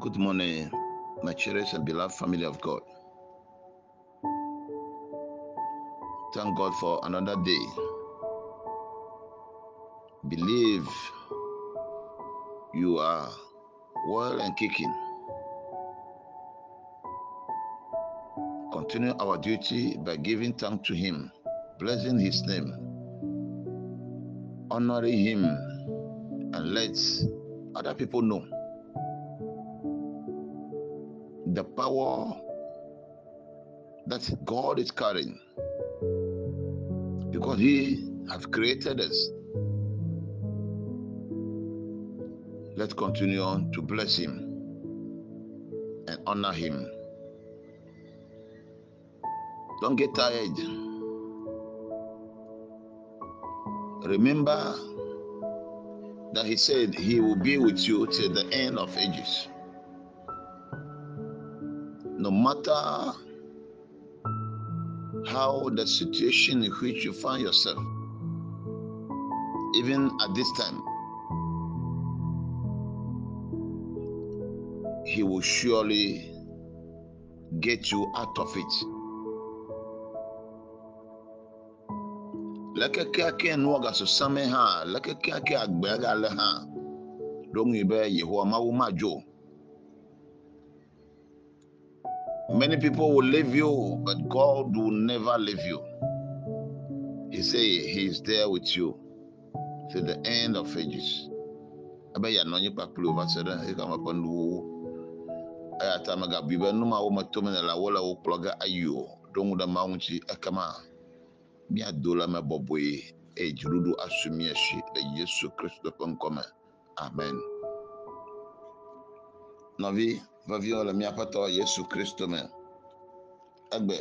Good morning, my cherished and beloved family of God. Thank God for another day. Believe you are well and kicking. Continue our duty by giving thanks to Him, blessing His name, honoring Him, and let other people know the power that God is carrying because He has created us. Let's continue on to bless Him and honor Him. Don't get tired. Remember that He said He will be with you till the end of ages no matter how the situation in which you find yourself, even at this time, He will surely get you out of it. Like a lekekeake nua gasusame hã lekekeake agbea gale hã ɖo ŋui be yehowa mawu madzo o. Many people will leave you, but God will never leave you. He say He is there with you to the end of ages. Abe ya nɔnyi kpakple wo va se ɖe eka me ƒe nuwo eya ta megabi be numawo me tome ne la wo le wo kplɔ ge ayi ɖo ŋu ɖe ma ŋuti ekema miado le me bɔbɔe eye dziɖuɖu asu mie si le Yesu Kristu ƒe ŋkɔme amen. Nɔvi. No vivre le míaƒe tɔ Yesu Kristo me egbe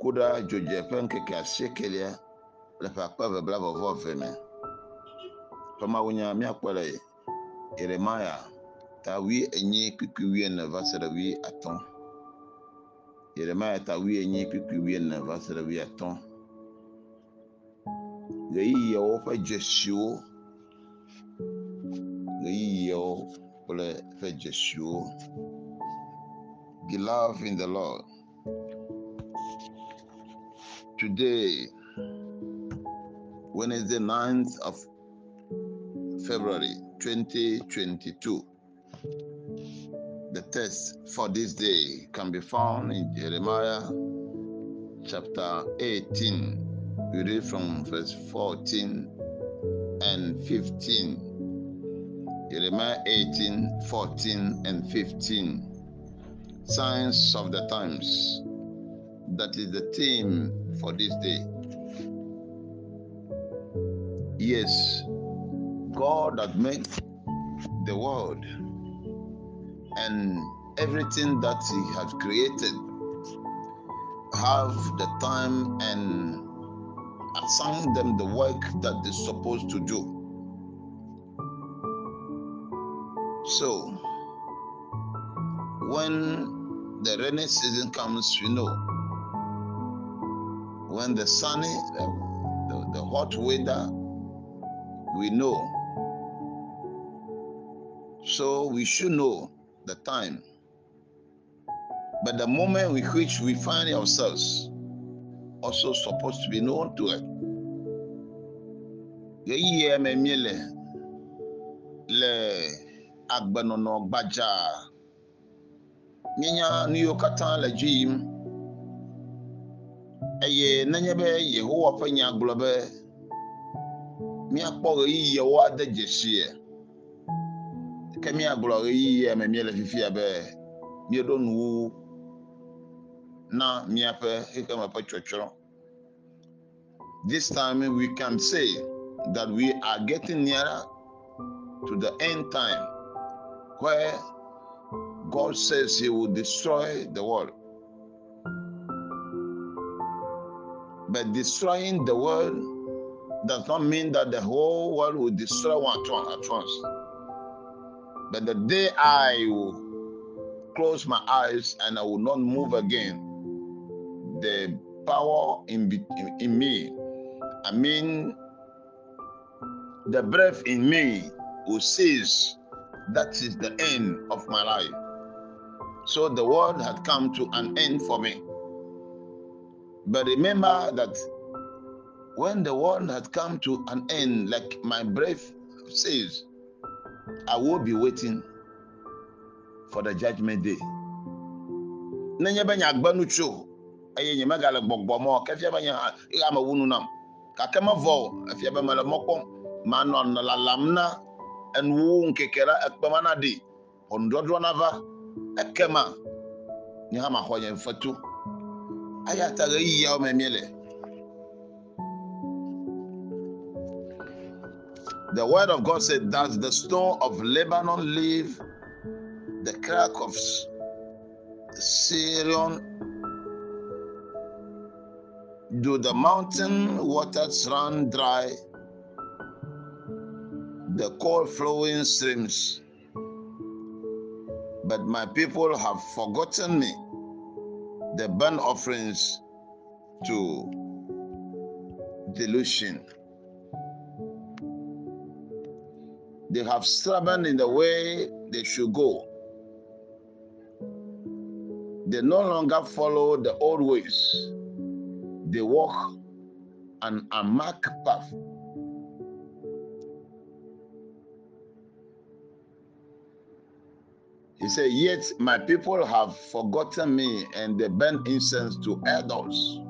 ku ɖa dzodze ƒe ŋkeke asiekelia le ƒe akpa comme bla vɔvɔ ve me ƒe mawu a ta wi enyi wi va se wi Jeremiah ta enyi va se aton, fa yiwo kple eƒe dzesiwo. Beloved in the Lord, today, Wednesday, 9th of February 2022, the text for this day can be found in Jeremiah chapter 18. We read from verse 14 and 15. Jeremiah 18, 14, and 15. Signs of the times. That is the theme for this day. Yes, God that made the world and everything that He has created have the time and assign them the work that they're supposed to do. So, when the rainy season comes, you know, when the sunny, the, uh, the, the hot weather, we know. So, we should know the time. But the moment with which we find ourselves also supposed to be known to us. me le agbenɔnɔ gbadza nu yiwo katã le dzi yim eye nenye be yehowa ƒe nya gblɔ be míakpɔ ade dzesie ke míagblɔ me fifia be míeɖo nuwuwu na míaƒe xexeme ƒe tsɔtsrɔ̃ this time we can say that we are getting nearer to the end time where God says He will destroy the world. But destroying the world does not mean that the whole world will destroy one at once. At once. But the day I will close my eyes and I will not move again, the power in, in, in me, I mean, the breath in me will cease that is the end of my life. So the world had come to an end for me. But remember that when the world had come to an end, like my breath says, I will be waiting for the judgment day. hã nam manɔ na ɛnu wo nkeke la ekpema na ɖi ʋɔnudɔdrɔ na ekema nye hã ma xɔ nye fetu aya ta ɣeyiɣiawo me mie le. The word of God said, Does the snow of Lebanon leave the crack of Syrian? Do the mountain waters run dry? the cold flowing streams. But my people have forgotten me, the burnt offerings to delusion. They have stubborn in the way they should go. They no longer follow the old ways. They walk an unmarked path He said, Yet my people have forgotten me and they burn incense to idols.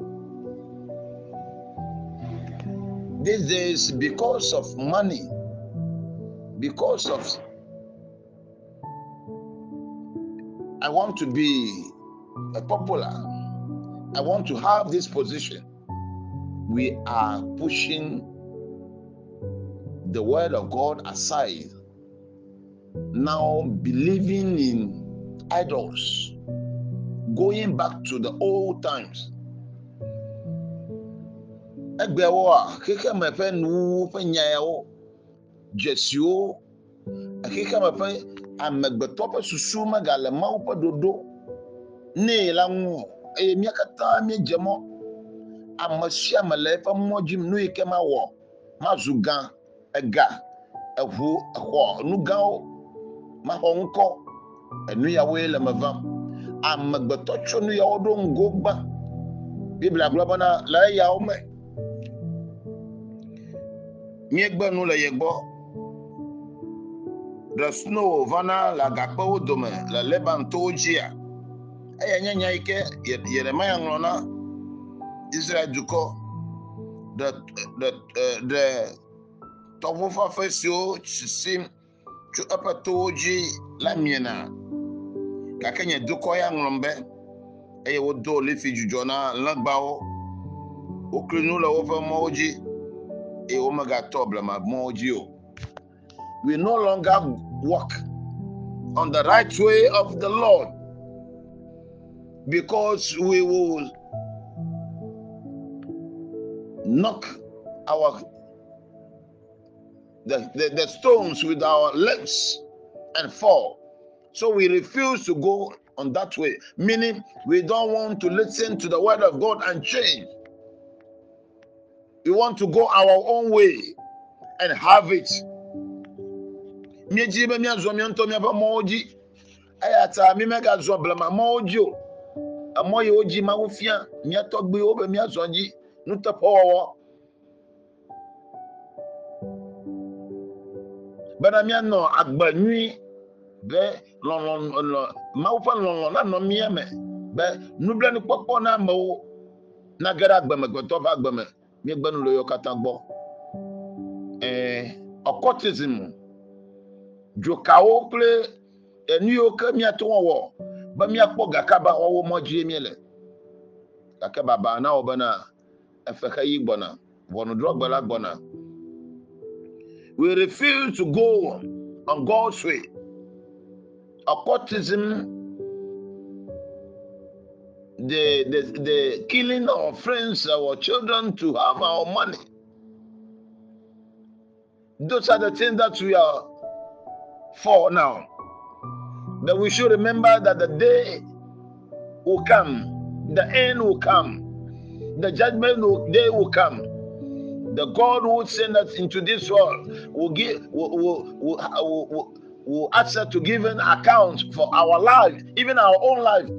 These days, because of money, because of I want to be popular, I want to have this position, we are pushing the word of God aside now believing in idols, going back to the old times. Egbewo a xexeme ƒe nuwo ƒe nyayawo, dzesiwo, xexeme ƒe amegbetɔ ƒe susu megale mawo ƒe ɖoɖo nɛ la ŋu o eye mía katã míedze mɔ. Ame sia ame le eƒe mɔ dzim nu yi ke ma wɔ, ma zu gã, ega, eʋu, exɔ, nu gãwo maxɔ ŋkɔ enu yawoe le me vam amegbetɔ tso nu yawo ɖo ŋgo gbã biblia gblɔ bena le eyawo me míegbe nu le ye gbɔ ɖe sunowo vana le agakpewo dome le lebantowo dzia eya nye nya yi ke yeremaya ŋlɔ na israel dukɔ ɖe ɖe ɖe tɔƒo fafe siwo sisim. tso eƒe towo dzi la miena gake nye dukɔ ya ŋlɔm be eye wodo olifi dzudzɔ na lãgbawo wokli nu le woƒe mɔwo dzi eye womegatɔ blema mɔwo dzi o we no longer walk on the right way of the lord because we will knock our the, the, the stones with our lips and fall. So we refuse to go on that way, meaning we don't want to listen to the word of God and change. We want to go our own way and have it. mi o bena míanɔ agbe nyui be lɔlɔ lɔ mawu ƒe lɔlɔ nanɔ mía me be nublanukpɔkpɔ na amewo nage ɖe agbemegbetɔ ƒe agbeme míegbe nu le yewo katã gbɔ ee ɔkɔtizim dzokawo kple enu yiwo ke míato wɔwɔ be míakpɔ gakaba wɔwɔ mɔdzie míele gake baba na wɔ bena efexe yi gbɔna ʋɔnudrɔgbe la gbɔna. We refuse to go on, God's way. Occultism, the, the, the killing our friends, our children to have our money. Those are the things that we are for now. But we should remember that the day will come, the end will come, the judgment day will come the God who sent us into this world will give will, will, will, will, will to give an account for our life, even our own life.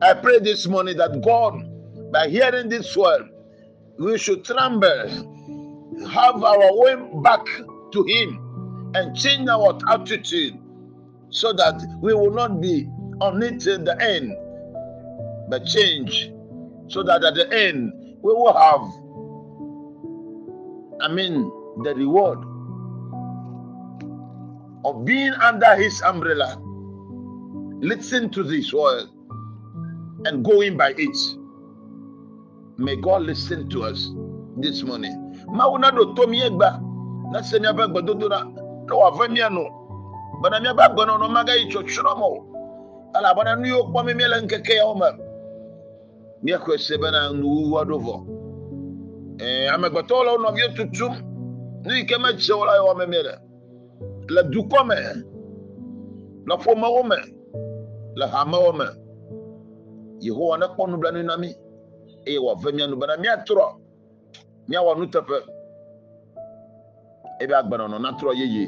I pray this morning that God, by hearing this word, we should tremble, have our way back to Him, and change our attitude so that we will not be until the end, but change so that at the end we will have, I mean, the reward of being under his umbrella. Listen to this word and going by it. May God listen to us this morning. Mawuna do to mi egba na se mi abagba dodo na lo wa fa mi anu. Bana mi abagba no no maga icho chromo. Ala bana nu yo kwa mi mi le nkeke ya o ma. míexɔe se bena nuwuwu aɖo vɔ amegbetɔwo le wo nɔviwo tutum nu yi ke medze o la yɔ wɔme mie le le dukɔ me le ƒomewo me le hamewo me yehowa nekpɔ nublanui na mí eye wòave mía nu bena míatrɔ míawɔ nuteƒe ebe agbenɔnɔ natrɔ yeye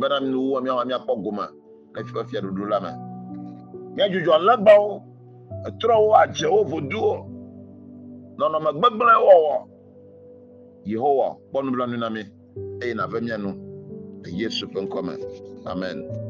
bena nuwuwɔ míawɔ míakpɔ gome le fiƒe fiaɖuɖu la me míadzudzɔ alẽgbawo etrɔ wo adze wo voduwo nɔnɔme gbegblẽ wɔwɔ yehowa kpɔ nublanui na mi eye nàve mia nu le yesu ƒe amen.